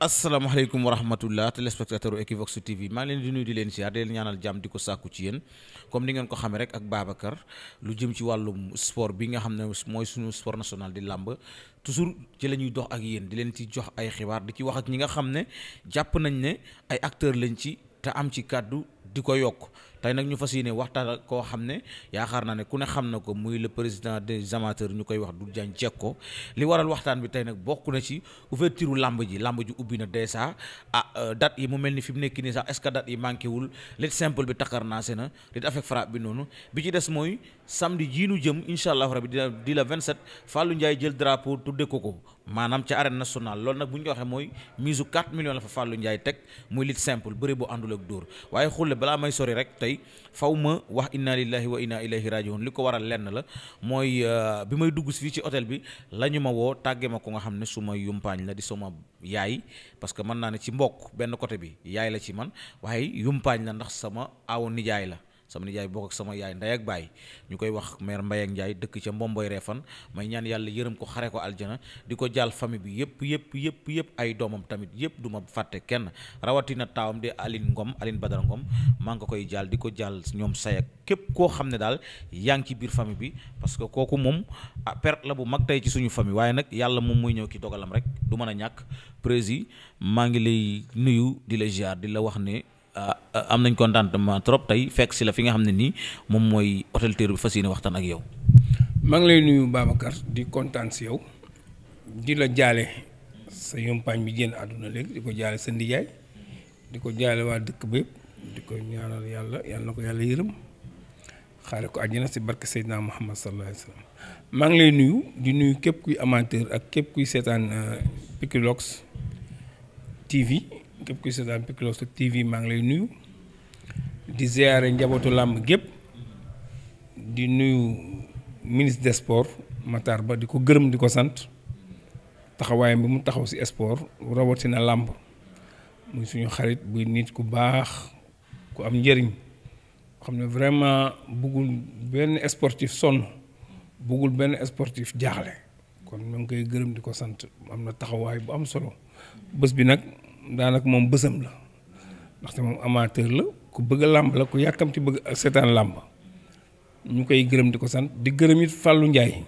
asalaamaaleykum wa rahmatullah téléspectateur u Equivox TV maa ngi leen di nuyu di leen siyaar di leen ñaanal jàmm di ko sàkku ci yéen comme ni ngeen ko xame rek ak Babacar lu jëm ci wàllum sport bi nga xam ne mooy suñu sport national di làmb toujours ci la ñuy dox ak yéen di leen ci jox ay xibaar di ci wax ak ñi nga xam ne jàpp nañ ne ay acteurs lañ ci te am ci kàddu di ko yokk tey nag ñu fas yéene waxtaan koo xam ne yaakaar naa ne ku ne xam na ko muy le président de amateurs ñu koy wax Doudou Diagne ko li waral waxtaan bi tey nag bokk na ci ouverture làmb ji làmb ji ubbi na dèjà ah euh, date yi mu mel ni fi mu nekk nii sax est ce que date yi manqué wul lit simple bi naa naase na lit avec frappe bi noonu bi ci des mooy samedi jii nu jëm incha allahu rabi di di la 27 Fallou Ndiaye jël drapeau tudde ko ko maanaam ca arène nationale lool nag bu ñu ko mooy mise 4 millions la fa Fallou njaay teg muy lutte simple bëri bu àndul ak dóor waaye xulle balaa may sori rek tey faw ma wax inna lillahi wa inna ilayhi rajiun li ko waral lenn la mooy euh, bi may dugg si fii ci hôtel bi la ñu ma woo tàgge ma ko nga xam ne su ma yumpaañ la di sama yaay parce que mën naa ne ci mbokk benn côté bi yaay la ci man waaye yumpaañ la ndax sama aawo nijaay la sama nijaay boo ak sama yaay ndey ak baay ñu koy wax maire Mbaye ak Ndiaye dëkk ca Mbomboy Refan may ñaan yàlla yërëm ko xare ko aljana di ko jaal famille bi yëpp yëpp yëpp yëpp ay doomam tamit yëpp du ma fàtte kenn rawatina taawam de Aline Ngom alin Badara Ngom maa ngi koy jaal di ko jaal ñoom say képp koo xam ne daal yaa ngi ci biir famille bi parce que kooku moom ah, perte la bu mag tey ci suñu famille waaye nag yàlla moom muy ñëw ki dogalam rek du mën a ñàkk prési maa ngi lay nuyu di la ziar di la wax ne Euh, am nañ contentement trop tey fekk si la fi nga xam ne nii moom mooy hôtel Terrou-Bi fas yéene waxtaan ak yow. maa ngi lay nuyu Babacar di kontaan si yow di la jaale sa yompaañ bi génn àdduna léegi di ko jaale sa ndijaay di ko jaale waa dëkk bi yëpp di ko ñaanal yàlla yàlla na ko yàlla yërëm xaare ko àjjana si barke Seydina Muhammad sallallahu alayhi wa sallam maa ngi lay nuyu di nuyu képp kuy amateur ak képp kuy seetaan euh, Equivox TV. képp kuy seetaan Pikiloos TV maa ngi lay nuyu di ziare njabootu làmb gépp di nuyu ministre de sports Matar Ba di ko gërëm di ko sant taxawaayam bi mu taxaw si sport rawatina làmb muy suñu xarit buy nit ku baax ku am njëriñ xam ne vraiment buggul benn sportif sonn buggul benn sportif jaaxle kon ñu ngi koy gërëm di ko sant am na taxawaay bu am solo bés bi nag daanak moom bësam la ndaxte moom amateur la ku bëgg làmb la ku yàkkamti bëgg seetaan làmb ñu koy gërëm di ko sant di gërëm it Fallou Ndiaye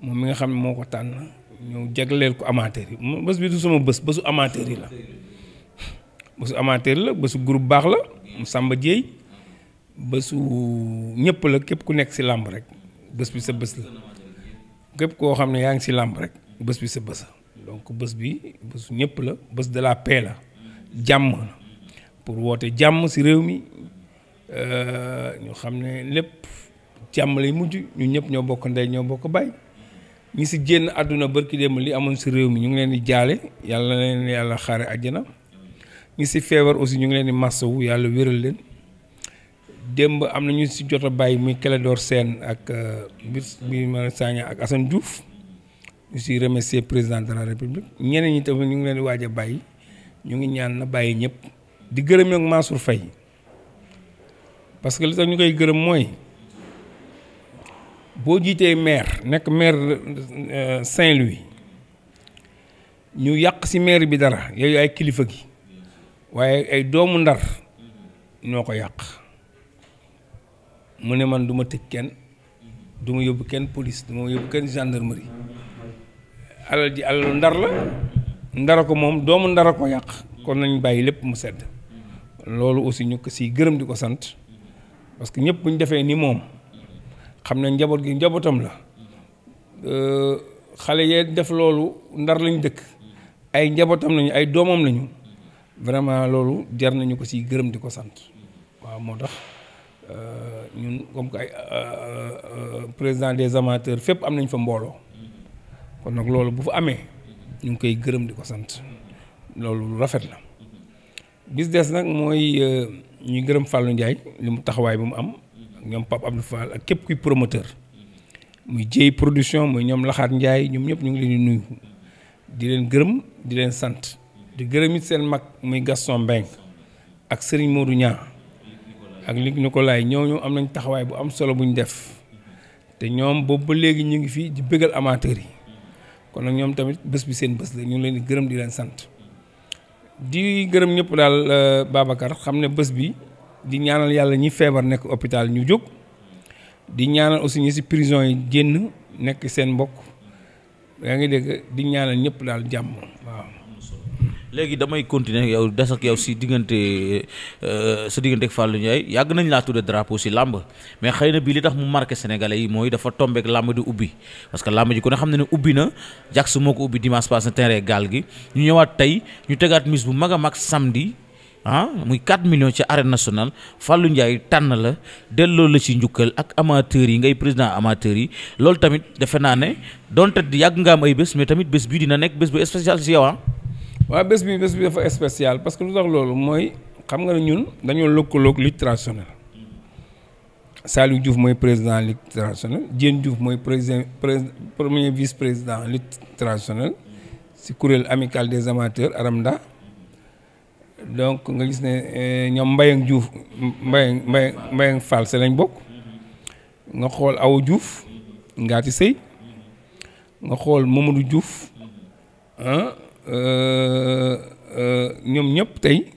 moom mi nga xam ne moo ko tànn ñëw jagleel ko amateur yi bés bi du sama bés bésu amateur yi la bésu amateur la bésu groupe baax la mu Samba Dieye bésu ñëpp la képp ku nekk ci làmb rek bés bi sa bés la képp koo xam ne yaa ngi si làmb rek bës bi sa bés donc bës bi bësu ñëpp la bës de la paix la jàmm pour woote jàmm ci réew mi euh, ñoo xam ne lépp jàmm lay mujj ñu ñëpp ñoo bokk ndey ñoo bokk baay ñi si génn àdduna barki démb li amoon si réew mi ñu ngi leen di jaale yàlla leen yàlla xaare àjjana ñi si feebar aussi ñu ngi leen di massawu yàlla wéral leen démb am na ñu ci jot a bàyyi muy Clédor seen ak euh, bir bi ma saaña ak Assane Diouf aussi remercier président de la république ñeneen ñi tamit ñu ngi leen di waaj a bàyyi ñu ngi ñaan na bàyyi ñëpp di gërëm nag Mansour Faye parce que li tax ñu koy gërëm mooy boo jiitee maire nekk maire euh, Saint-Louis ñu yàq ci maire bi dara yooyu ay kilifa gi waaye ay doomu ndar ñoo ko yàq mu ne man duma ma kenn du ma yóbbu kenn police du ma yóbbu kenn gendarmerie alal ji alalu ndar la ndara ko moom doomu ndara ko yàq kon nañu bàyyi lépp mu sedd loolu aussi ñu ko siy gërëm di ko sant parce que ñëpp bu ñu defee ni moom xam ne njaboot gi njabootam la xale yee def loolu ndar lañ dëkk ay njabootam lañu ay doomam lañu vraiment loolu jar nañu ko siy gërëm di ko sant waaw moo tax euh, ñun comme que ay euh, euh, président des amateurs fépp am nañ fa mbooloo kon nag loolu bu fa amee ñu ngi koy gërëm di ko sant loolu lu rafet la bis nag mooy euh, ñuy gërëm Fallou Ndiaye li mu taxawaay bi mu am ak ñoom Pape Abdou Fall ak képp kuy promoteur muy jéy production muy ñoom Laxaat njaay ñoom ñëpp ñu ngi leen di nuyu di leen gërëm di leen sant di gërëm it seen mag muy Gaston Mbengue ak Serigne Modou ñaa ak Luc Nicolaï ñooñu am nañ taxawaay bu am solo bu ñu def te ñoom boobu ba léegi ñu ngi fii di bëggal amateur yi kon nag ñoom tamit bés bi seen bés la ñu ngi leen gërëm di leen sant di gërëm ñëpp daal euh, Babacar xam ne bés bi di ñaanal yàlla ñi feebar nekk hôpital ñu jóg di ñaanal aussi ñi si prison yi génn nekk seen mbokk yaa ngi dégg di ñaanal ñëpp daal jàmm waaw. léegi damay continuer yow des ak yow si diggante euh, sa diggante ak Fallou yàgg nañ laa tudde drapeau si làmb mais xëy na bii li tax mu marqué sénégalais yi mooy dafa tombeek làmb di ubbi parce que làmb ji ku ne xam ne ne ubbi na jàk su moo ko ubbi dimanche passé terrain gaal gi ñu ñëwaat tey ñu tegaat mise bu mag a mag samedi ah muy 4 million ci arène national Fallou Ndiaye tànn la delloo la ci njukkal ak amateurs yi ngay président amateurs yi loolu tamit defe naa ne donte yàgg nga am ay bés mais tamit bés bii dina nekk bés bu spécial si yow ah. waaw bés bi bés bi dafa spécial parce que lu tax loolu mooy xam nga ne ñun dañoo lëkkaloog lutte traditionnelle Saliou Diouf mooy président lutte traditionnelle Diène Diouf mooy président premier vice président lutte traditionnelle si kuréel amical des amateurs Aramda donc nga gis ne eh, ñoom Mbayang Diouf Mbayang Mbayang Mbayang Fall se lañ bokk nga xool aw juuf Ngaati Sëy nga xool Mamadou Diouf Euh, euh, ñoom ñëpp tey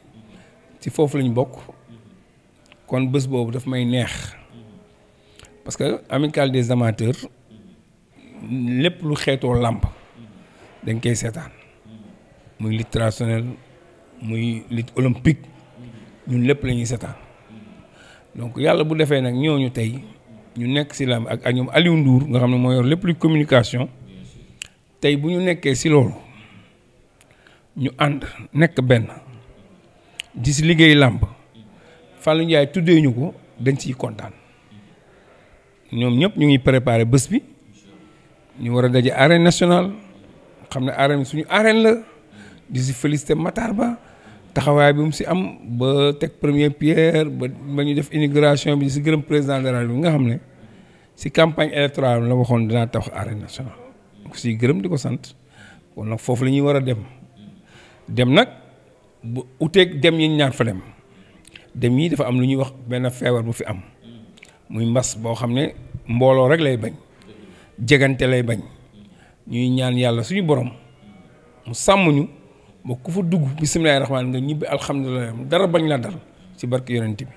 ci foofu lañu bokk kon bés boobu daf may neex parce que amicale des amateurs lépp lu xeetoo làmb dañ koy seetaan muy lutte traditionnelle muy lutte olympique ñun lépp la ñuy seetaan donc yàlla bu defee nag ñu tey ñu nekk si làmb ak ak ñoom Aliou Ndour nga xam ne moo yor lépp lu communication tey bu ñu nekkee si loolu. ñu ànd nekk benn di si liggéey làmp Fallou Ndiaye tuddeeñu ko dañ ciy kontaan ñoom ñëpp ñu ngi préparé bës bi ñu war a daje arène national xam ne arène suñu arène la di si félicité Matar Ba taxawaay bi mu si am ba teg première pierre ba ba ñu def inigration bi si gërëm président de la nga xam ne si campagne électorale la waxoon dinaa tax arène nationale ku siy gërëm di ko sant kon nag foofu lañuy war a dem. dem nag bu uteeg dem yi ñaar fa dem dem yi dafa am lu ñuy wax benn feebar bu fi am muy mbas boo xam ne mbooloo rek lay bañ jegante lay bañ ñuy ñaan yàlla suñu borom mu sàmm ñu ba ku fa dugg bisimilahi rahmaan nga ñibbi alhamdulilah dara bañ la dal ci barke yonent bi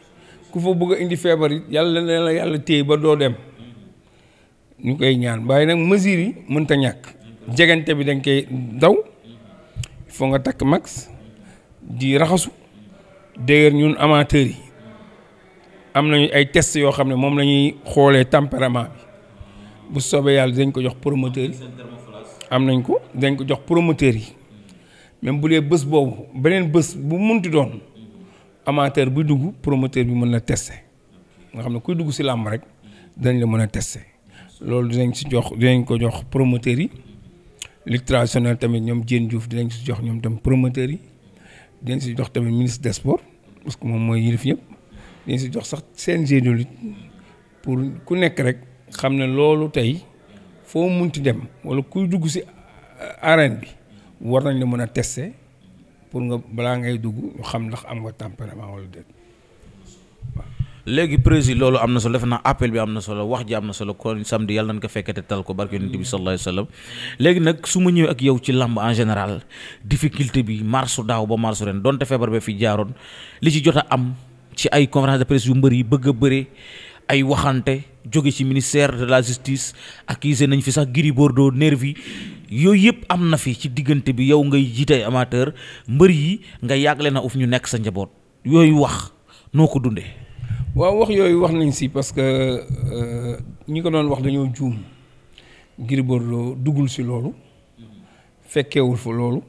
ku fa bëgg indi feebar yi yàlla na la yàlla téye ba doo dem ñu koy ñaan waaye nag mesures yi mënta ñàkk jegante bi dañ koy daw foo nga takk max di raxasu d'ailleurs ñun amateurs yi am nañu ay test yoo xam ne moom lañuy xoolee tempérament bi bu soobee yàlla dañ ko jox promoteurs yi am nañ ko dañ ko jox promoteurs yi même bu dee bës boobu beneen bés bu munti doon amateur buy dugg promoteur bi mën na teste nga xam ne kuy dugg ci làmb rek dañ la mën a teste loolu dañ ci jox dinañ ko jox promoteurs yi lutte traditionnelle tamit ñoom Diène Diouf dinañ si jox ñoom tam promoteurs yi dinañ si jox tamit ministre des sports parce que moom mooy yilif ñëpp dinañ si jox sax CNG de lutte pour ku nekk rek xam ne loolu tey foo mun munti dem wala kuy dugg si arène bi war nañ la mën a teste pour nga balaa ngay dugg ñu xam ndax am nga tempérament wala déet léegi prési loolu am na solo defe naa appel bi am na solo wax ji am na solo kon samedi yàlla nañ ko fekkete tal ko barke yonent bi sallallahu alayhi wa léegi nag su ma ñëwee ak yow ci làmb en général difficulté bi marsu daaw ba marsu ren donte feebar ba fi jaaroon li ci jot a am ci ay conférence de presse yu mbër yi bëgg a bëre ay waxante jóge ci ministère de la justice accusé nañ fi sax Gris Bordeaux nervi yooyu yëpp am na fi ci diggante bi yow ngay jiite amateur mbër yi nga yàgg leen uf ñu nekk sa njaboot yooyu wax noo ko dundee waaw wax yooyu wax nañ si parce que euh, ñi ko doon wax dañoo juum Gris Bordeaux duggul si loolu fekkewul fa loolu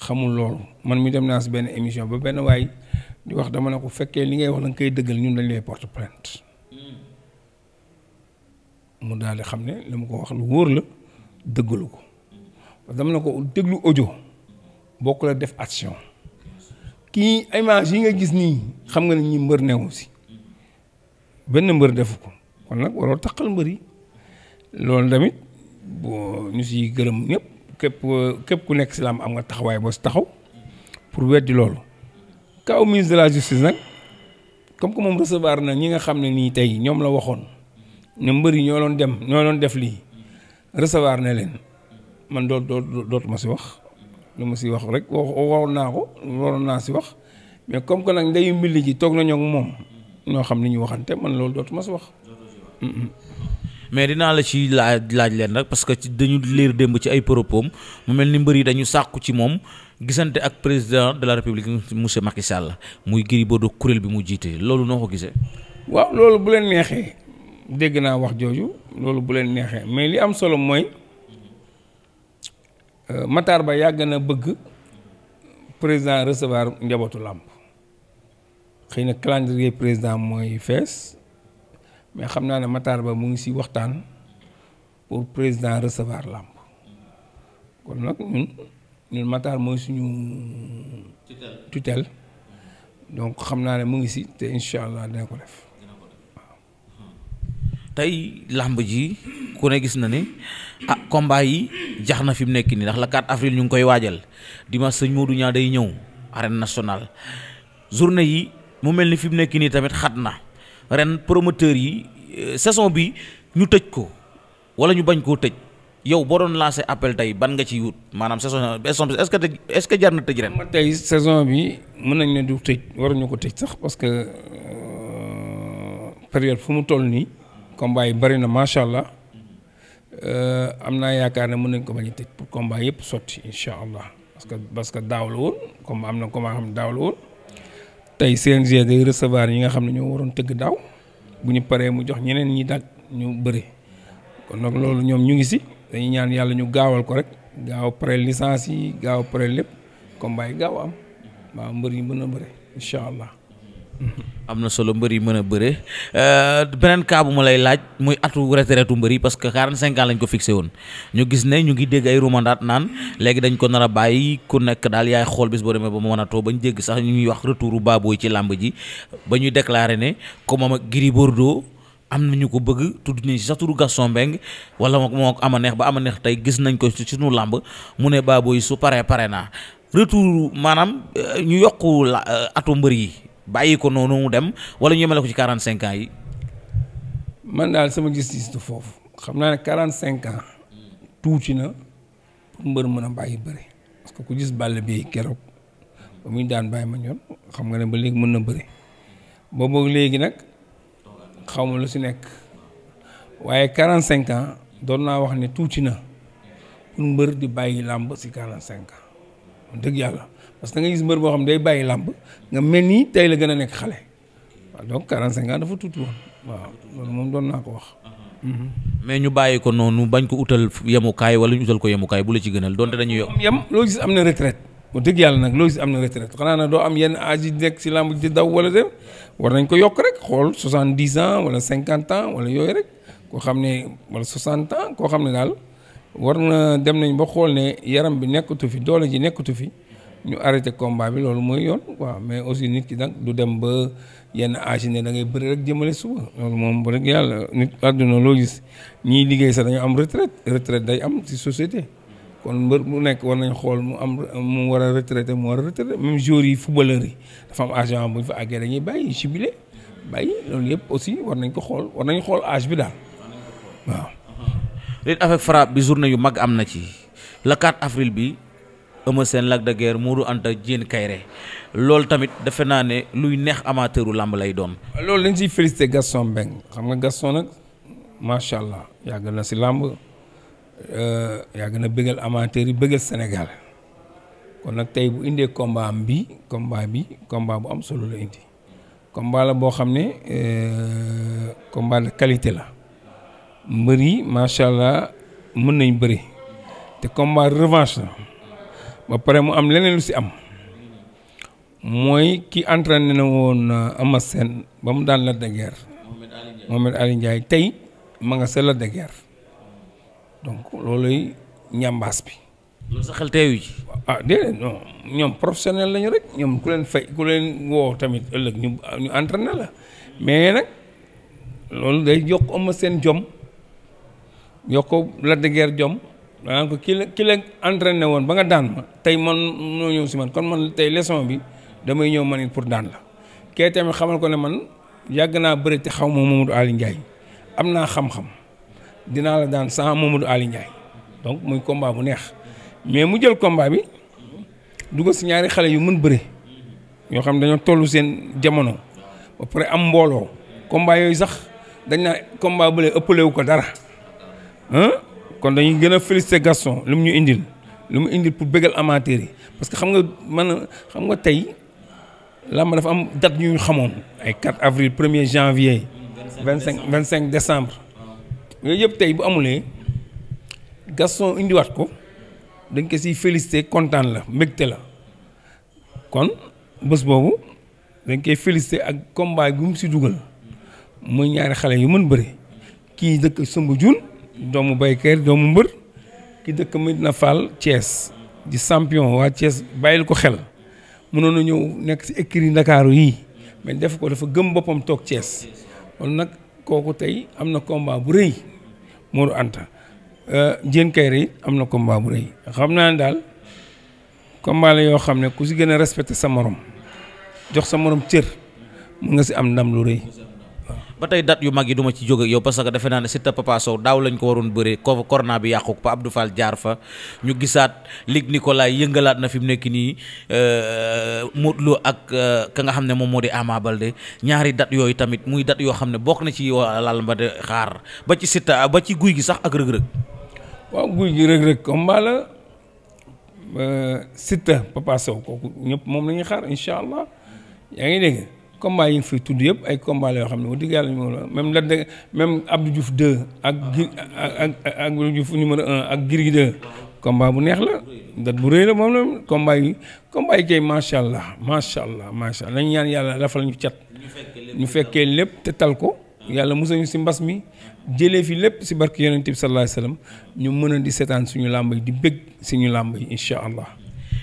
xamul loolu man mi dem naa si benn émission ba benn waay di wax dama ne ko fekkee li ngay wax da nga koy dëggal ñun dañ lay porte plainte mu daal di xam ne la mu ko wax lu wóor la dëggalu ko dama ne ko déglu audio bokk la def action kii image yi nga gis nii xam nga ne ñi mbër newu si benn mbër defu ko kon nag waloo taqal mbër yi loolu tamit boo ñu si gërëm ñëpp képp képp ku nekk si lam am nga taxawaay boo si taxaw pour weddi loolu kaw ministre de comme que moom recevoir na ñi nga xam ne nii tey ñoom la waxoon ne mbër yi ñoo loon dem ñoo loon def lii recevoir ne leen man doot doot dootuma si wax lu ma si wax rek waxoon naa ko waroon naa si wax mais comme que nag ndeyu mbilli ji toog nañu ak moom ñoo xam ni ñu waxante man loolu ma si wax. mais dinaa la ci laaj laaj leen rek parce que ci dañu liir démb ci ay propos mu mel ni mbër yi dañu sàkku ci moom gisante ak président de la république monsieur Macky Sall muy Gris Bordeaux kuréel bi mu jiitee loolu noo ko gisee. waaw loolu bu leen neexee dégg naa wax jooju loolu bu leen neexee mais li am solo mooy euh, Matar Ba yàgg na bëgg président recevoir njabootu làmp xëy na calendrier président mooy fees mais xam naa ne Matar Ba mu ngi si waxtaan pour président recevoir làmb kon nag ñun ñun suñu tutelle donc xam naa ne mu ngi si te incha allah dina ko def hmm. tey làmb ji ku ne gis na ni ah combat yi jax na fi mu nekk nii ndax la 4 avril ñu ngi koy waajal dimanche sëñ Modou ñaa day ñëw arène nationale journée yi mu mel ni fi mu nekk nii tamit xat na ren promoteur yi euh, saison bi ñu tëj ko wala ñu bañ koo tëj yow boo doon lancé appel tay ban nga ciy wut maanaam saison est-ce que est-ce que jar na tëj ren. tey saison bi mën nañ ne du tëj waruñu ko tëj sax parce que euh, période fu mu toll nii. combat yi bari na macha allah euh, am naa yaakaar ne mën nañ ko bañ a tëj pour combat yëpp sotti incha allah parce que parce que daaw la woon comme am na combat xam daaw la woon. tey CNG day recevoir ñi nga xam ne ñoo waroon tëgg daaw bu ñu paree mu jox ñeneen ñi dagg ñu bëri kon nag loolu ñoom ñu ngi si dañuy ñaan yàlla ñu gaawal ko rek gaaw pare licence yi gaaw pare lépp combat yi gaaw am waaw mbër yi mën a bëri incha allah. am na solo mbër yi mën a bëre euh, beneen cas bu ma lay laaj muy atu retraite mbër yi parce que 45 ans lañ ko fixé woon ñu gis ne ñu ngi dégg ay rumandaat naan léegi dañ ko nar a bàyyi ku nekk daal yaay xool bis boo demee ba mu mën a too bañ dégg sax ñu ñuy wax retouru baabooy ci làmb ji ba ñuy déclaré ne comme moom ak Gris Bordeaux am na ñu ko bëgg tudd nañ si sax turu Gaston Mbengue wala moo ko ama neex ba ama neex tey gis nañ ko ci sunu làmb mu ne baabooy su paree pare naa retour maanaam euh, ñu yokku euh, atu mbër yi. bàyyi ko noonu mu dem wala ñu yemale ko ci quarante cinq ans yi. man daal sama gis-gis du foofu xam naa ne quarante cinq ans tuuti na pour mbër mën a bàyyi bëri parce que ku gis bàll bi keroog mu muy daan bàyyi ma ñoon xam nga ne ba léegi mën na bëri boobu léegi nag xaw ma lu si nekk waaye quarante cinq ans doon naa wax ne tuuti na pour mbër di bàyyi làmb si quarante cinq ans dëgg yàlla. parce que da nga gis mbër boo xam day bàyyi làmb nga mel ni tey la gën a nekk xale waaw donc 45 ans dafa tuuti waaw loolu moom doon naa ko wax. Uh-huh. mais ñu bàyyi ko noonu bañ ko utal yemukaay wala ñu utal ko yemukaay bu la ci gënal donte dañuy yokk. yem loo gis am na retraite bu dëgg yàlla nag loo gis am na retraite xanaa na doo am yenn âge yi nekk si làmb di daw wala dem war nañ ko yokk rek xool 70 ans wala cinquante ans wala yooyu rek koo xam ne wala 60 koo xam war na dem nañ ba xool ne yaram bi nekkatu fi doole ji nekkatu fi. ñu arrêté combat bi loolu mooy yoon waaw mais aussi nit ki nag du dem ba yenn âge ne da ngay bëri rek jëmale suba loolu moom bu rek yàlla nit àdduna loo gis ñiy liggéey sax dañu am retraite retraite day am si société kon mbër mu nekk war nañ xool mu am mu war a retraité mu war a retraité même joueurs yi footballeurs yi dafa am agent bu ñu fa àggee dañuy bàyyi jubilé bàyyi loolu yëpp aussi war nañ ko xool war nañ xool âge bi daal waaw. lutte avec frappe yu mag am na ci le 4 avril bi. Eumeu Sène Lac de Guiers Modou Anta Diène Kairé loolu tamit defe naa ne luy neex amateuru làmb lay doon. loolu lañ ciy félicité Gaston Mbengue xam nga Gaston nag macha allah yàgg na si làmb euh, yàgg na bëggal amateur yi bëggal Sénégal kon nag tey bu indee combat bi combat bi combat bu am solo la indi combat la boo xam ne euh, combat de qualité la mbër yi macha allah mën nañ bëri te combat revanche la. ba pare mu am leneen lu si am mooy ki entraîné na woon Ama uh, Sène ba mu daan Lac de Mohamed Ali Ndiaye tey ma nga sa Lac de Guiers donc looluy bi. loolu sa xel teewu ah, ñoom professionnel lañu rek ñoom ku leen fay ku leen woo tamit ëllëg ñu ñu entraîné la mais nag loolu day yokk Ama Sène jom yokk Lac de jom. maanaam ki la ki la woon ba nga daan ma tey man noo ñëw si man kon man tey lesson bi damay ñëw man it pour daan la kee tamit xamal ko ne man yàgg naa bëri te xaw ma Mamadou Ali Ndiaye am naa xam-xam dinaa la daan sans Mamadou Ali Ndiaye donc muy combat bu neex mais mu jël komba bi dugal si ñaari xale yu mën bëri yoo xam dañoo tollu seen jamono ba pare am mbooloo combat yooyu sax dañ naa bu bële ëppalewu ko dara kon dañuy gën a félicité Gaston lu mu ñu indil lu mu indil pour bégal amateur yi parce que xam nga man xam nga tey làmb dafa am date ñu xamoon ay 4 premier 1 vingt cinq 25 cinq décembre. yooyu yëpp tey bu amulee Gaston indiwaat ko dañ ko siy félicité kontaan la mbégte la kon bés boobu dañ koy félicité ak combat gum mu si dugal muy ñaari xale yu mën bëri kii dëkk Sëmb Jun doomu baykat doomu mbër ki dëkk na Fall Thiès di champion waa Thiès bàyyil ko xel mënoon na ñëw nekk si écurie Ndakaaru yii mais def ko dafa gëm boppam toog Thiès kon nag kooku tey am na combat bu rëy Modou Anta euh, Diène Kaïré am na combat bu rëy xam naa ne daal combat la yoo xam ne ku si gën a respecté sa morom jox sa morom cër mun nga si am ndam lu rëy. ba tey date yu mag yi duma ci jóge yow parce que defe naa ne Siteu Papa Sow daaw lañ ko waroon bëree ko corona bi yàqu pa Abdou Fall jaar fa ñu gisaat Luc Nicolaï yëngalaat na fi mu nekk nii euh, Modou Lo ak euh, ka nga xam ne moom moo di Ama ñaari date yooyu tamit muy date yoo xam ne bokk na ci laal mba de xaar ba ci Siteu ba ci guy gi sax ak rëg-rëg waaw guy gi rëg-rëg euh, moom la ñuy xaar incha allah yaa ngi dégg combat yi nga fi tudd yëpp ay combat la yoo xam ne wax dëgg yàlla ñu même la même Abdou Diouf 2 ak gi ak Abdou Diouf numéro 1 ak Girgi 2 combat bu neex la dat bu rëy la moom la combat yi combat yi kay macha allah macha allah macha allah nañu ñaan yàlla dafa la ñu cat ñu fekkee lépp te tal ko yàlla musañu si mbas mi jëlee fi lépp si barke yonent bi sallallahu alayhi wasallam ñu mën a di seetaan suñu làmb yi di bëgg suñu làmb yi incha allah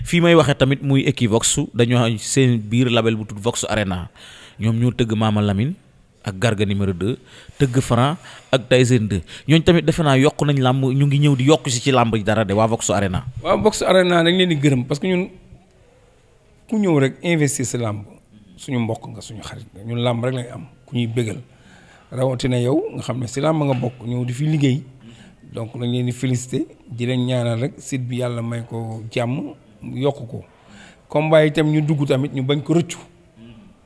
fii may waxee tamit muy Equivox dañoo seen biir label bu tudd Vox Arena ñoom ñoo tëgg Mama Lamine ak Garga numéro de tëgg Franc ak Tyson de ñooñ tamit defe naa yokk nañ làmb ñu ngi ñëw di yokk si ci làmb dara de waa Vox Arena. waaw Vox Arena dañ leen di gërëm parce que ku ñëw rek investir si làmb suñu mbokk nga suñu xarit ñun làmb rek lañ am ku ñuy bégal rawatina yow nga xam ne si làmb nga bokk ñëw di fi liggéey donc dañ leen di féliciter ñaanal rek site bi yàlla may ko jàmm. yokk ko comme combat itam ñu dugg tamit ñu bañ ko rëccu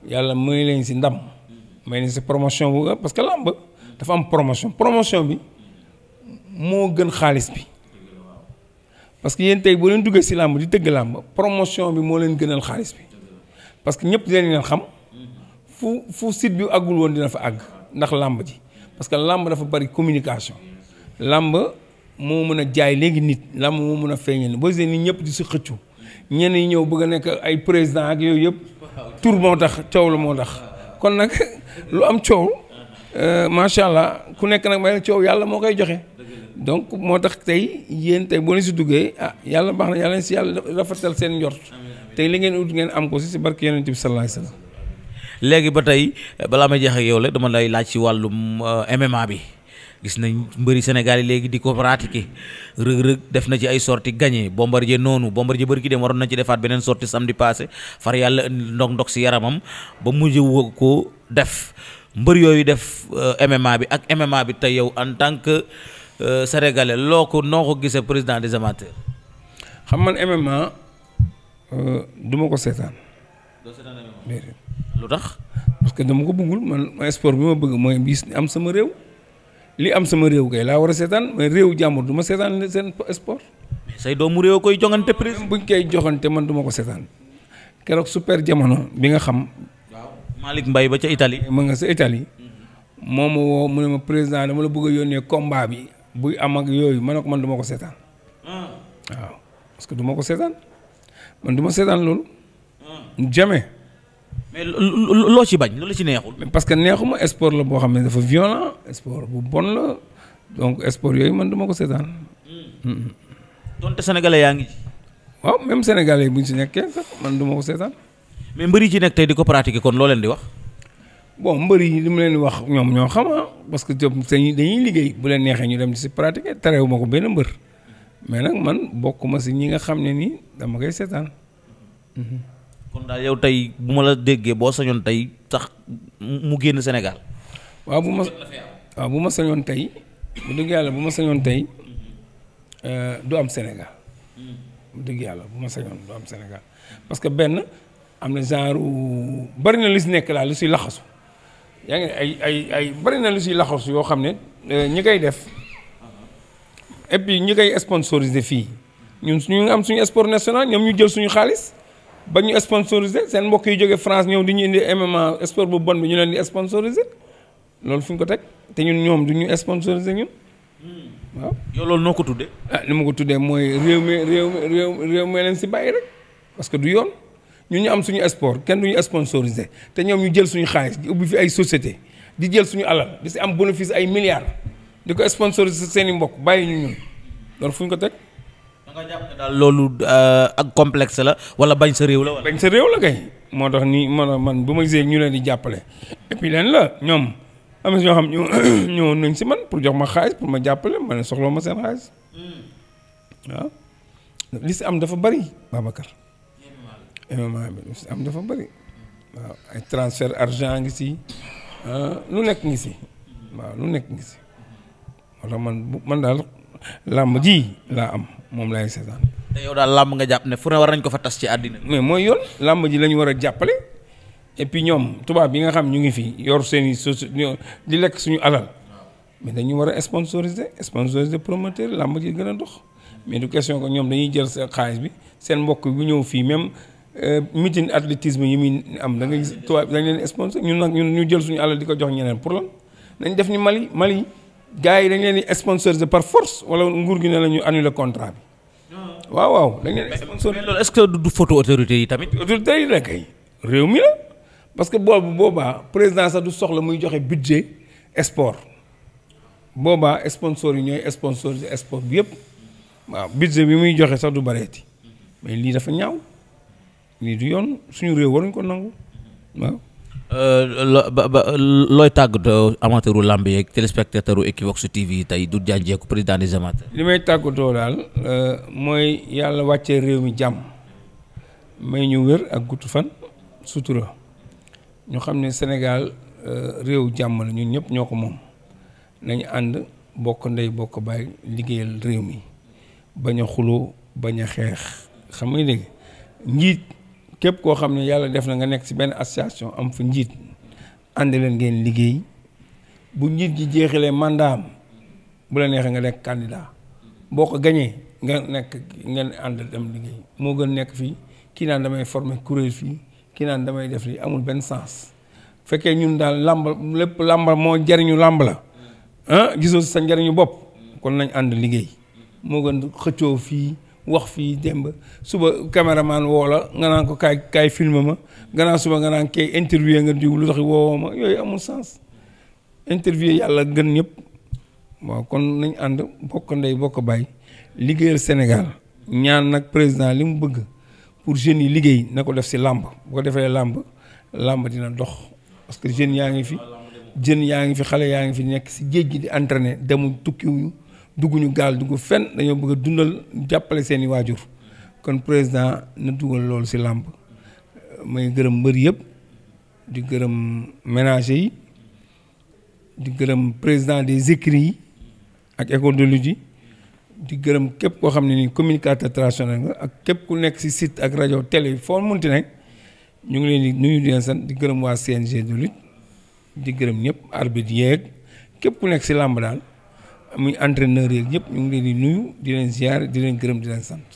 yàlla may leen si ndam may leen si promotion bu parce que làmb dafa am promotion promotion bi moo gën xaalis bi parce que yéen tey boo leen duggee si làmb di tëgg làmb promotion bi moo leen gënal xaalis bi parce que ñëpp dinañ leen xam fu fu site bi àggul woon dina fa àgg ndax làmb ji parce que làmb dafa bari communication làmb moo mën a jaay léegi nit làmb moo mën a feeñal boo gisee nit ñëpp di si xëccu ñenn yi ñëw bëgg a nekk ay président ak yooyu yëpp tur moo tax coow la moo tax kon nag lu am coow euh, macha allah ku nekk nag may coow yàlla moo koy joxe donc moo tax tey yéen tey boo leen si duggee ah yàlla baax na yàlla si yàlla rafetal seen njort tey li ngeen ut ngeen am ko si si barke yonent bi sallallahu alayhi wasallam léegi ba tey balaa ma jeex ak yow la dama lay laaj ci wàllum euh, MMA bi. gis nañ mbëri Sénégal léegi di ko pratiquer rëg-rëg def na ci ay sorti gagné Bombardier noonu Bombardier bër ki dem waroon nañ ci defaat beneen sorti samedi passé far yàlla indi ndog si yaramam ba mujj wu ko def mbër yooyu def euh, MMA bi ak MMA bi tey yow en tant que euh, sénégalais loo ko noo ko gisee président des amateurs. xam man MMA euh, du ko seetaan. lu tax. parce que dama ko bëggul man sport bi ma bëgg mooy bis am sama réew. li am sama réew kay laa war a seetaan mais réew jàmbur du ma seetaan seen sport. say doomu réew koy joŋante prise. buñ koy joxante man du ma ko seetaan keroog super jamono bi nga xam. waaw Malick Mbaye ba ca Italie. man nga sa Italie. moom ma mu ne ma président dama la bëgg a yónnee combat bi buy am ak yooyu man ne ko man du ko seetaan. Ah. waaw parce que du ma ko seetaan man du ma seetaan loolu. jamais. mais loo ci bañ loolu la ci neexul. parce que neexuma sport la boo xam ne dafa violent sport bu bon la donc sport yooyu man duma ko seetaan. Hmm. donte sénégalais yaa ngi ci. waaw même sénégalais bu ñu si nekk sax man duma ko seetaan. mais mbër ci nekk tey di ko pratiquer kon loo leen di wax. bon mbër yi li mu leen di wax ñoom ñoo xam ah, parce que jom dañuy dañuy liggéey bu leen neexee ñu dem ci si pratiquer terewu ma ko benn mbër mais nag man bokkuma si ñi nga xam ne nii dama koy seetaan. Hmm. kon daal yow tey bu ma la déggee boo sañoon tey sax mu génn Sénégal. waaw bu ma sañoon tey bu dëgg yàlla bu ma sañoon tey euh, du am Sénégal. Hmm. bu dëgg yàlla bu ma sañoon du am Sénégal parce que benn am na genre bari na lu si nekk daal lu si laxasu. yaa ngi ay ay ay bari na lu si laxasu yoo xam ne euh, ñi koy def et puis ñi koy sponsorisé fii ñun suñu am suñu sport national ñoom ñu jël suñu xaalis. ba ñu sponsorisé seen mbokk yu jóge France ñëw di ñu indi MMA sport bu bon bi ñu leen di sponsorisé loolu fu ñu ko teg te ñun ñoom du ñu sponsorisé ñun hmm. waaw. yow loolu noo ko tuddee. ah li ma ko tuddee mooy réew mi réew mi réew mi leen si bàyyi rek parce que du yoon ñu ñu am suñu sport kenn du ñu sponsorisé te ñoom ñu jël suñu xaalis di ubbi fi ay société di jël suñu alal di si am bénéfice ay milliards di ko sponsorisé seen mbokk bàyyi ñu ñun loolu fu ñu teg. da nga jàpp daal loolu euh, ak complexe la wala bañ sa réew la wala. bañ sa réew la kay moo tax nii moo tax man bu ma gisee ñu leen di jàppale et puis la ñoom am na ñoo xam ñu ñëwoon nañ si man pour jox ma xaalis pour ma jàppale ma ne soxla ma seen xaalis hmm. li si am dafa bari Babacar. MMA li si am dafa bëri waaw ay transfert argent ngi si ah, lu nekk ngi si waaw lu nekk ngi si moo tax man man daal. làmb jii laa am moom laay seetaan. te yow daal làmb nga jàpp ne fu ne war nañ ko fa tas ci àddina. mais mooy yoon làmb ji lañu war a jàppale et ñoom tubaab yi nga xam ñu ngi fii yor seen i soci di lekk suñu alal mais dañu war a sponsoriser sponsoriser promoteur làmb ji gën a dox mais du question que ñoom dañuy jël seen xaalis bi seen mbokk bu ñëw fii même. Euh, meeting athlétisme yi muy am da ngay gis tubaab dañ leen sponsor ñun nag ñun ñu jël suñu alal di ko jox ñeneen pour nañ def ni Mali Mali gars yi dañ leen di sponsoriser par force wala nguur gi ne la ñu annuler contrat bi. waaw waaw dañ leen sponsoriser. mais loolu est-ce que du photo autorité yi tamit. autorité yi réew mi parce que boobu boobaa président sax soxla muy joxe budget sport boobaa sponsor yi ñooy sponsoriser sport bi yëpp waaw budget bi muy joxe sax du bareeti mais lii dafa ñaaw lii du yoon suñu réew waruñ ko nangu waaw. Euh, looy tàggatoo amateuru làmb yeeg téléspectateur u Equivox TV tey du jànjeeku président des amateurs. li may tàggatoo daal euh, mooy yàlla wàccee réew mi jàmm may ñu wér ak gudd fan sutura ñu xam ne Sénégal euh, réew jàmm la ñun ñëpp ñoo ko moom nañ ànd bokk ndey bokk bàyyi liggéeyal réew mi bañ xuloo bañ a xeex xam nga dégg njiit. képp koo xam ne yàlla def na nga nekk ci benn association am fu njiit ànd leen ngeen liggéey bu njiit ji jeexalee mandat am bu la neexee nga nekk candidat boo ko gañee nga nekk ngeen ànd dem liggéey moo gën nekk fii kii naan damay former kuréel fii kii naan damay def lii amul benn sens fekkee ñun daal làmb lépp làmb moo jariñu làmb la ah gisoo sa njariñu bopp kon nañ ànd liggéey moo gën xëccoo fii wax fii démb suba caméraman woo la nga naan ko kaay kaay filme ma gannaaw suba nga naan kay interview nga diw lu tax woowoo ma yooyu amul sens interview yàlla gën ñëpp waaw kon nañ ànd bokk ndey bokk baay liggéeyal Sénégal ñaan nag président li mu bëgg pour jeunes yi liggéey na ko def si làmb bu ko defee làmb làmb dina dox parce que jeunes yaa ngi fi jeunes yaa ngi fi xale yaa ngi fi nekk si géej gi di entraîné demul tukkiwuñu dugguñu gaal dugg fenn dañoo bëgg dundal jàppale seeni waajur kon président na dugal loolu si làmb may gërëm mbër yëpp di gërëm ménager yi di gërëm président des écrits yi ak école de lutte yi di gërëm képp koo xam ne ni communicateur traditionnel nga ak képp ku nekk si site ak rajo tele foo munti nekk ñu ngi leen di nuyu di leen sant di gërëm waa CNG de lutte di gërëm ñëpp arbitre yeeg képp ku nekk si làmb daal muy entreneur yeeg ñëpp ñu ngi leen di nuyu di leen ziar di leen gërëm di leen sant.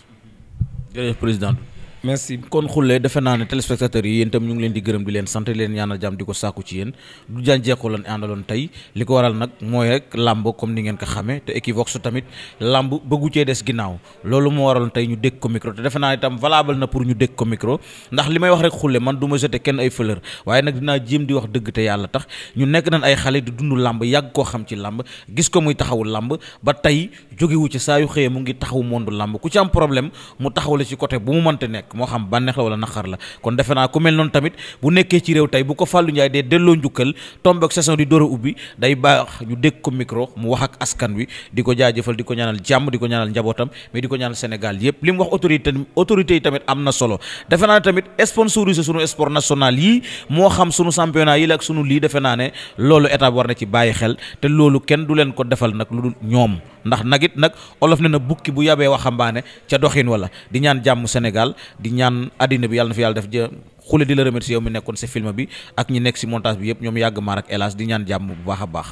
jërëjëf président. merci kon xulle defe naa ne téléspectateurs yi yéen itam ñu ngi leen di gërëm di leen sant leen ñaanal jàmm di ko sàkku ci yéen du janjeekoo lan àndaloon tey li ko waral nag mooy rek làmb comme ni ngeen ko xamee te Equivox tamit làmb bëggu cee des ginnaaw loolu moo waral tey ñu dégg ko micro te defe naa itam valable na pour ñu dégg ko micro ndax li may wax rek xulle man du ma jeté kenn ay fleur waaye nag dinaa jéem di wax dëgg te yàlla tax ñu nekk naan ay xale di dund làmb yàgg koo xam ci làmb gis ko muy taxawu làmb ba tey jógewu ci saa yu xëyee mu ngi taxaw mondu làmb ku ci am problème mu taxaw la ci côté bu mu mënte nekk moo xam bànneex la wala naqar la kon defe naa ku mel noonu tamit bu nekkee ci réew tey bu ko Fallou Ndiaye dee delloo njukkal tombeek saison di door a ubbi day baax ñu dégg ko micro mu wax ak askan wi di ko jaajëfal di ko ñaanal jàmm di ko ñaanal njabootam mais di ko ñaanal Sénégal yëpp li mu wax autorité autorité yi tamit am na solo defe naa ne tamit sponsorisé sunu sport nationale yii moo xam sunu championnat yi la ak sunu lii defe naa ne loolu état war na ci bàyyi xel te loolu kenn du leen ko defal nag lu dul ñoom ndax nag it nag olof ne na bukki bu yabee waxambaane ca doxin wala di ñaan jàmm Sénégal di ñaan àddina bi yàlla na fi yàlla def ja xule di la remercier yow mi nekkoon si film bi ak ñi nekk si montage bi yëpp ñoom yàgg maar ak hélas di ñaan jàmm bu baax a baax